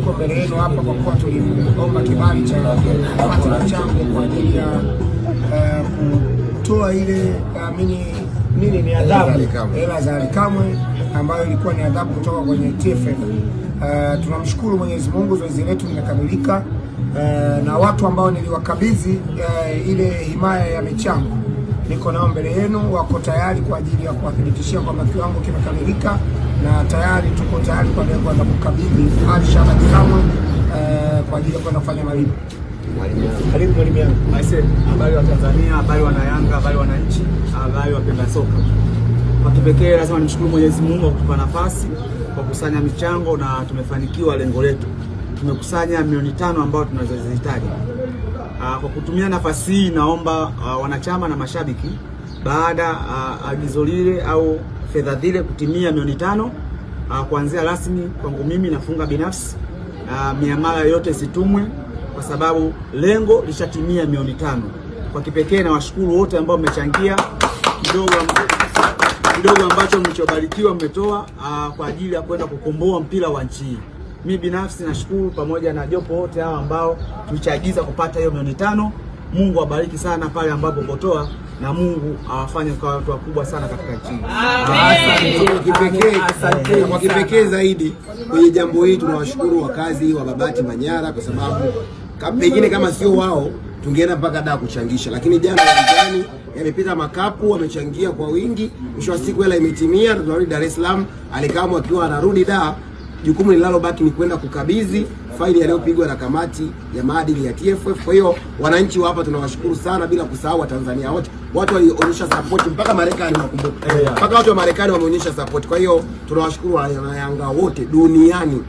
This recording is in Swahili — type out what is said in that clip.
tuko mbele yenu hapa kwa kuwa tuliomba kibali cha kamati ya mchango kwa ajili ya eh, kutoa ile amini eh, nini ni adhabu hela za Alikamwe ambayo ilikuwa ni adhabu kutoka kwenye TFF. Uh, eh, tunamshukuru Mwenyezi Mungu, zoezi letu limekamilika. Uh, na watu ambao niliwakabidhi uh, ile himaya ya michango niko nao mbele yenu, wako tayari kwa ajili ya kuwathibitishia kwamba kiwango kimekamilika na tayari tuko tayari kwa lengo la kukabidhi Alshada Kamwe uh, kwa ajili ya kwenda kufanya malipo. Karibu mwalimu yangu. Aise, habari wa Tanzania, habari wana Yanga, habari wananchi, habari wapenda soka. Kwa kipekee lazima nimshukuru Mwenyezi Mungu kwa kutupa nafasi kwa kusanya michango na tumefanikiwa lengo letu. Tumekusanya milioni tano ambayo tunazozihitaji. Ah, kwa kutumia nafasi hii, naomba ah, wanachama na mashabiki, baada ah, agizo lile au fedha zile kutimia milioni tano kuanzia rasmi, kwangu mimi nafunga binafsi miamala yote situmwe kwa sababu lengo lishatimia milioni tano. Kwa kipekee na washukuru wote ambao mmechangia kidogo kidogo ambacho mlichobarikiwa mmetoa kwa ajili ya kwenda kukomboa mpira wa nchi hii mi binafsi nashukuru pamoja na jopo wote hawa ambao tulichagiza kupata hiyo milioni tano. Mungu abariki sana pale ambapo potoa na Mungu awafanye kwa watu wakubwa sana katika nchi. Kwa kipekee zaidi kwenye jambo hili tunawashukuru wakazi wa Babati Manyara kwa sababu pengine kama sio wao tungeenda mpaka daa kuchangisha, lakini jana wanjani yamepita makapu, wamechangia kwa wingi. Mwisho wa siku hela imetimia, tunarudi Dar es Salaam. Alikamu akiwa anarudi da jukumu linalobaki ni kwenda kukabidhi faili yaliyopigwa na kamati ya maadili ya TFF. Kwa hiyo wananchi wa hapa tunawashukuru sana, bila kusahau Watanzania wote, watu walionyesha support mpaka Marekani, nakumbuka eh, mpaka watu wa Marekani wameonyesha support. Kwa hiyo tunawashukuru Wanayanga wote duniani.